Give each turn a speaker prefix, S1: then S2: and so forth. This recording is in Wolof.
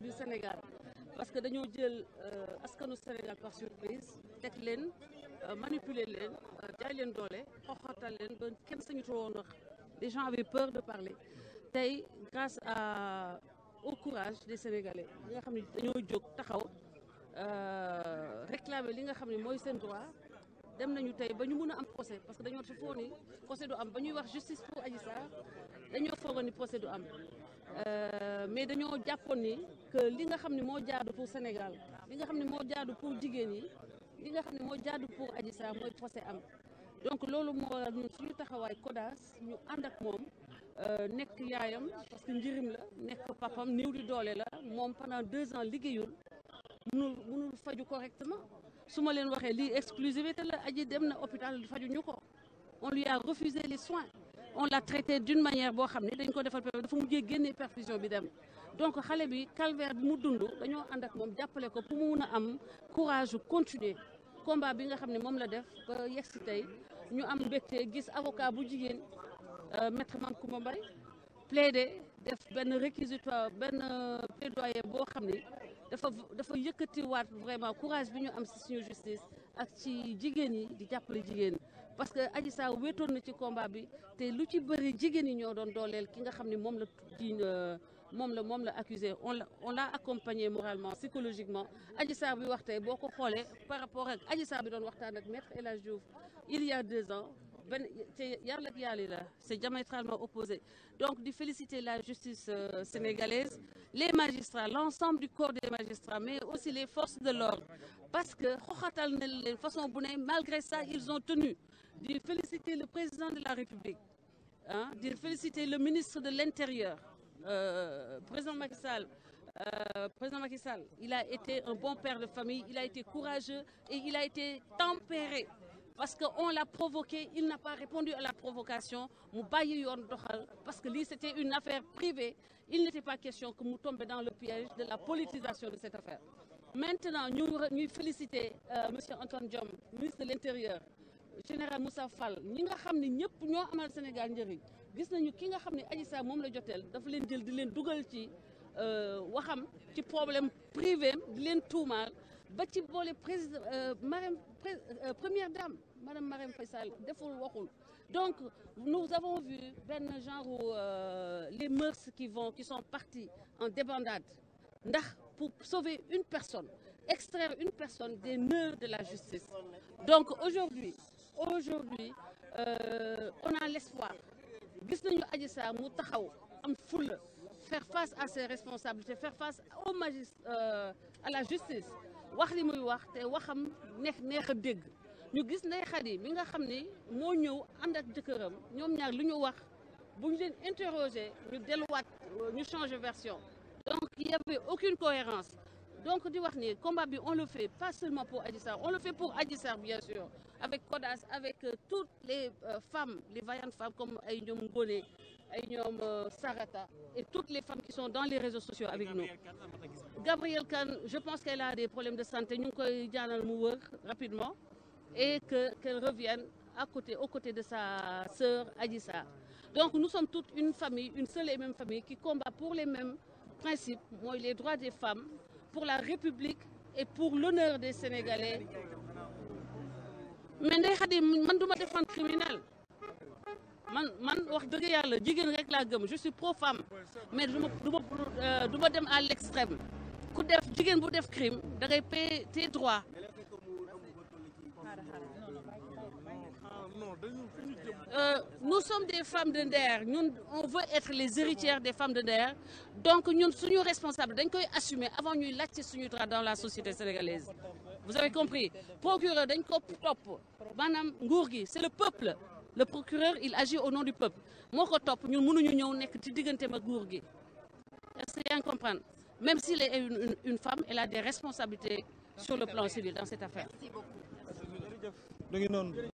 S1: du Sénégal parce que dañoo jël euh, askanu Sénégal par surprise teg leen euh, manipuler leen euh, jaay leen doole xoxatal leen ba kenn sañutu woon wax les gens avaient peur de parler tey grâce à au courage des Sénégalais li nga xam ne dañoo jóg taxaw réclamer li nga xam ne mooy seen droit dem nañu tey ba ñu mën a am procès parce que dañoo foo ni procès du am ba ñuy wax justice pour Adji Sarr dañoo foogoon ni procès du am euh, mais dañoo jàppoon ni que li nga xam ne moo jaadu pour Sénégal li nga xam ne moo jaadu pour jigéen yi li nga xam ne moo jaadu pour Adji Sarr mooy procès am donc loolu moo waral ñun suñu taxawaay CODAS ñu ànd ak moom euh, nekk yaayam parce que njërim la nekk papam néew di doole la moom pendant deux ans liggéeyul mënul faju correctement su ma leen waxee lii exclusivité la aji dem na hôpital fajuñu ko on lui a refusé les soins on l'a traité d'une manière boo xam ne dañ ko defal mu mujjee génnee perfusion bi dem donc xale bi calvaire bi mu dund dañoo ànd ak moom jàppale ko pour mu mun a am courage continuer combat bi nga xam ne moom la def ba yegsi tey ñu am mbégte gis avocat bu jigéen euh, maître Mame Coumba Mbaye plaidé def benn réquisitoire benn euh, plaidoyer boo xam ni dafa dafa yëkkatiwaat vraiment courage bi ñu am si suñu justice ak ci jigéen yi di jàppale jigéen parce que Adji Sarr wéetoon na ci combat bi te lu ci bëri jigéen yi ñoo doon dooleel ki nga xam ne moom la ci euh, moom la moom la accusé on la on l'a accompagné moralement psychologiquement Adji Sarr bi wax boo ko xoolee par rapport ak Adji Sarr bi doon waxtaan ak maître El Hadj Diouf il y deux ans ben Yarlak Yalila, c'est diamétralement opposé. Donc, de féliciter la justice euh, sénégalaise, les magistrats, l'ensemble du corps des magistrats, mais aussi les forces de l'ordre. Parce que, façon malgré ça, ils ont tenu. De féliciter le président de la République, hein, féliciter le ministre de l'Intérieur, euh, président Macky Sall, euh, président un bon famille, il a été courageux et il a été tempéré. parce que on l'a provoqué il n'a pas répondu à la provocation mu bàyyi yoon doxal parce que lii c'était une affaire privée il n'était pas question que mu tombe dans le piège de la politisation de cette affaire maintenant ñu ñuy féliciter euh, monsieur Antoine Diome ministre de l'Intérieur général Moussa Fall ñi nga xam ne ñëpp ñoo amal Sénégal njëriñ gis nañu ki nga xam ne Adji Sarr moom la joteel dafa leen jël di leen dugal ci euh, waxam ci problème privé di leen tuumaal ba ci boole président euh, Marème Euh, première dame madame Marème Faye Sall deful waxul donc nous avons vu benn genre euh, les mœurs qui vont qui sont partis en débandade ndax pour sauver une personne extraire une personne des nœuds de la justice donc aujourd'hui aujourd'hui euh, on a l'espoir gis nañu Adji Sarr mu taxaw am fulla faire face à ses responsabilités faire face au magistrat euh, à la justice wax li muy wax te waxam neex neex a dégg ñu gis Ndeye Khady mi nga xam ni moo ñëw ànd ak jëkkëram ñoom ñaar lu ñu wax bu ñu leen interroger ñu delluwaat ñu changer version donc il y avait aucune cohérence donc di wax ni combat bi on le fait pas seulement pour Adji Sarr on le fait pour Adji Sarr bien sûr avec CODAS avec euh, toutes les euh, femmes les vaillantes femmes comme ay ñoom Ngoné ay ñoom euh, Sarata et toutes les femmes qui sont dans les réseaux sociaux avec nous Gabrielle Kane je pense qu'elle a des problèmes de santé ñu ngi koy jaanal mu wër rapidement et qu'elle revienne côté aux côtés de sa sœur Adji Sarr donc nous sommes toutes une famille une seule et même famille qui combat pour les mêmes principes mooy les droits des femmes pour la République et pour l'honneur des Sénégalais mais Ndeye Khady man duma défendre man man wax dëgg yàlla jigéen rek laa gëm je suis pro femme mais du ma du ma euh, du ma dem à l' extrême ku def jigéen bu def crime da ngay payer tes droits. Euh, nous sommes des femmes de ñun on veut être les héritières des femmes de donc ñun suñu responsable dañ koy assumer avant ñuy laajte suñu droit dans la société sénégalaise vous avez compris procureur dañ ko topp maanaam nguur gi c'est le peuple le procureur il agit au nom du peuple moo ko topp ñun mënuñu ñëw nekk ci digganteem ak nguur gi est-ce que yaa comprendre même s'il est une, une femme elle a des responsabilités sur le plan civil dans cette affaire.